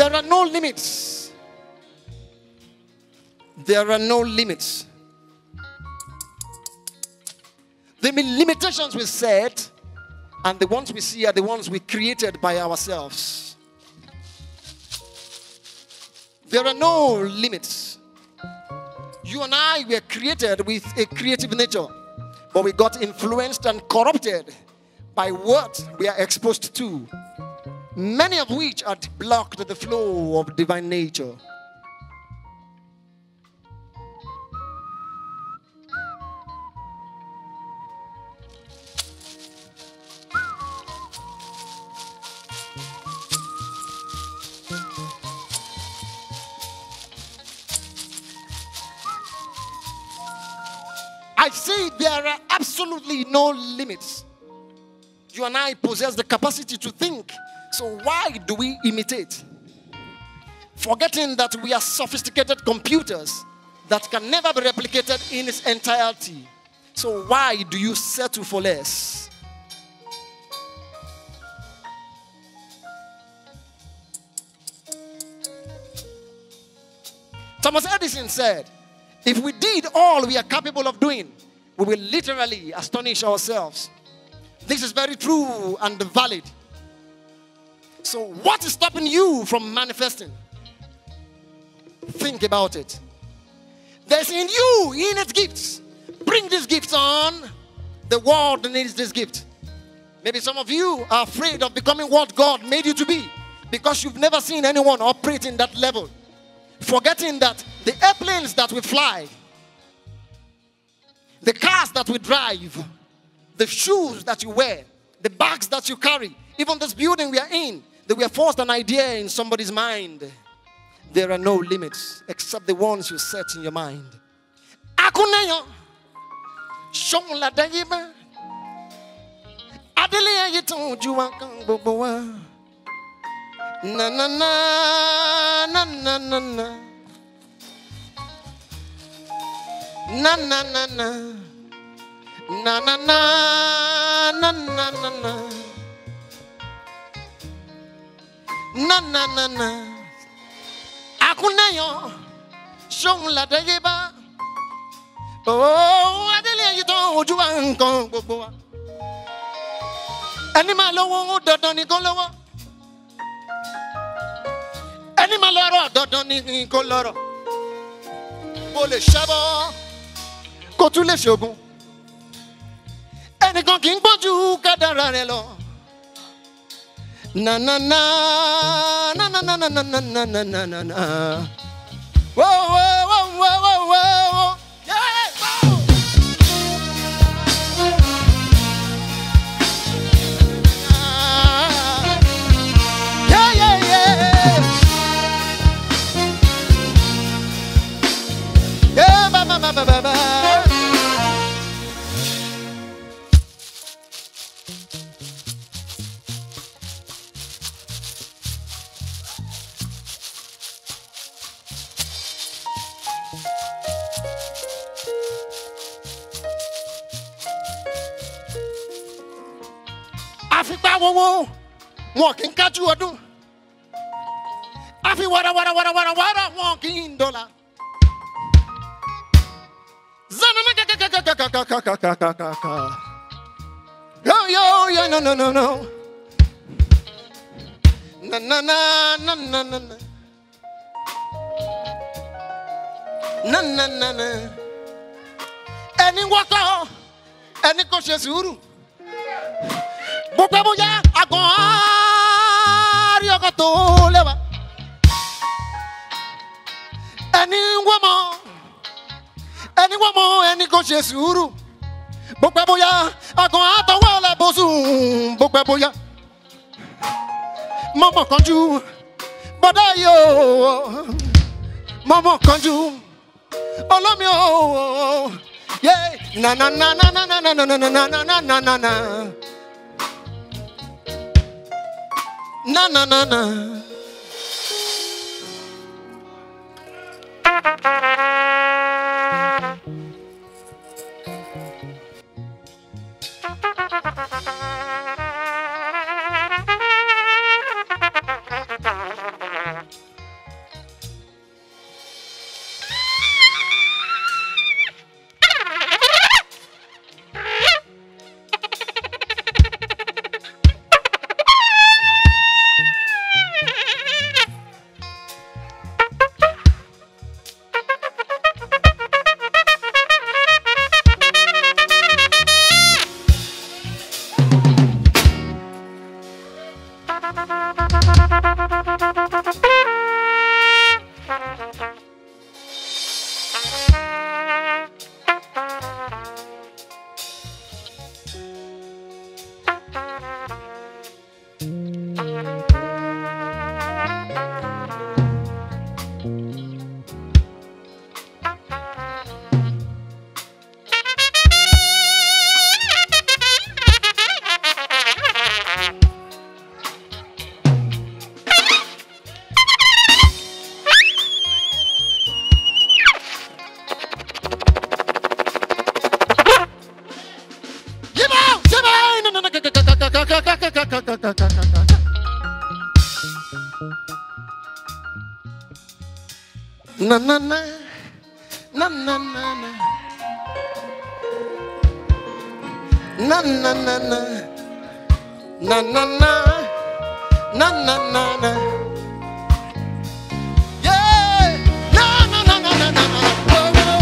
There are no limits. There are no limits. The limitations we set and the ones we see are the ones we created by ourselves. There are no limits. You and I were created with a creative nature, but we got influenced and corrupted by what we are exposed to many of which had blocked the flow of divine nature. I say there are absolutely no limits. You and I possess the capacity to think so why do we imitate? Forgetting that we are sophisticated computers that can never be replicated in its entirety. So why do you settle for less? Thomas Edison said, if we did all we are capable of doing, we will literally astonish ourselves. This is very true and valid. So, what is stopping you from manifesting? Think about it. There's in you, in its gifts. Bring these gifts on. The world needs this gift. Maybe some of you are afraid of becoming what God made you to be because you've never seen anyone operate in that level. Forgetting that the airplanes that we fly, the cars that we drive, the shoes that you wear, the bags that you carry, even this building we are in, they were forced an idea in somebody's mind. There are no limits except the ones you set in your mind. na na na na na na. Na na na na. Na na na na 나나나나 아쿠나요 쇼라데이바 오 아들이 이도 오주왕 공부와 ẹni máa lówó dandan ni kó lówó ẹni máa lọ́rọ̀ dandan ni kó lọ́rọ̀ mo lè ṣẹ́bọ́ kó tún lè ṣògùn ẹnìkan kì í gbọ́jú kádàrá rẹ lọ. na na na na na na na na na na na na na. Whoa whoa whoa whoa whoa whoa. fi gbá wọ́wọ́ wọn kì í kájú ọdún a fi wàràwàràwàràwàrà wọn kì í dọ́là. zanana kakakakakakakakakaka yo yo yo no no no no na na na na na na na na na na na ẹni wọ́tọ̀ ẹni kò ṣe sùúrù bó pẹ́ bó yá àgàn àárí ọkọ̀ tó lẹ́wà. ẹni wọ́n mọ̀ ẹni wọ́n mọ̀ ẹni kò ṣe sùúrù bó pẹ́ bó yá àgàn àtọwọ́ ọ̀la bó sùn bó pẹ́ bó yá. mọ̀mọ́ kánjú bọ́dá yóò mọ̀mọ́ kánjú olómi ooo. Yeah. Na na na na na na na na na na na na na na na. Na na na na. na na na na na na na na na na na na na na na na na na yeah na na na na na na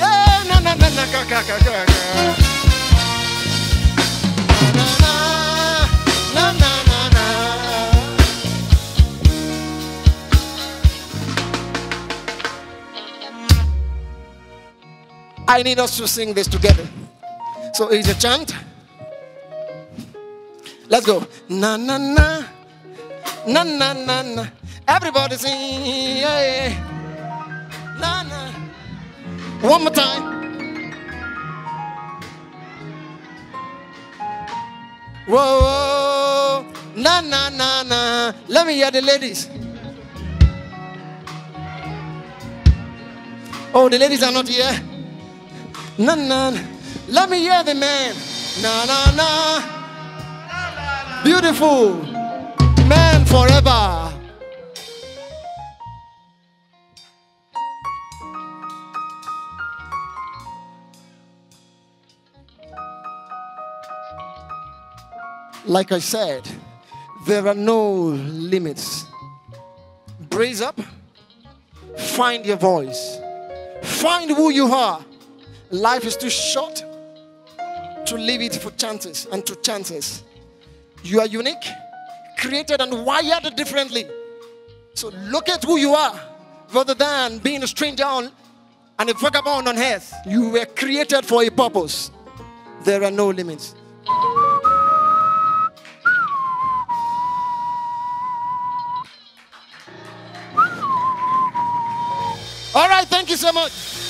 yeah na na na na na na na I need us to sing this together. So it's a chant. Let's go. Na na na. Na na na na. Everybody sing. Yeah, yeah. Na na. One more time. Whoa, whoa. Na na na na. Let me hear the ladies. Oh, the ladies are not here na na. Let me hear the man. Na na na. Beautiful man forever. Like I said, there are no limits. Brace up, find your voice, find who you are. Life is too short to leave it for chances and to chances. You are unique, created, and wired differently. So look at who you are rather than being a stranger on, and a vagabond on earth. You were created for a purpose. There are no limits. All right, thank you so much.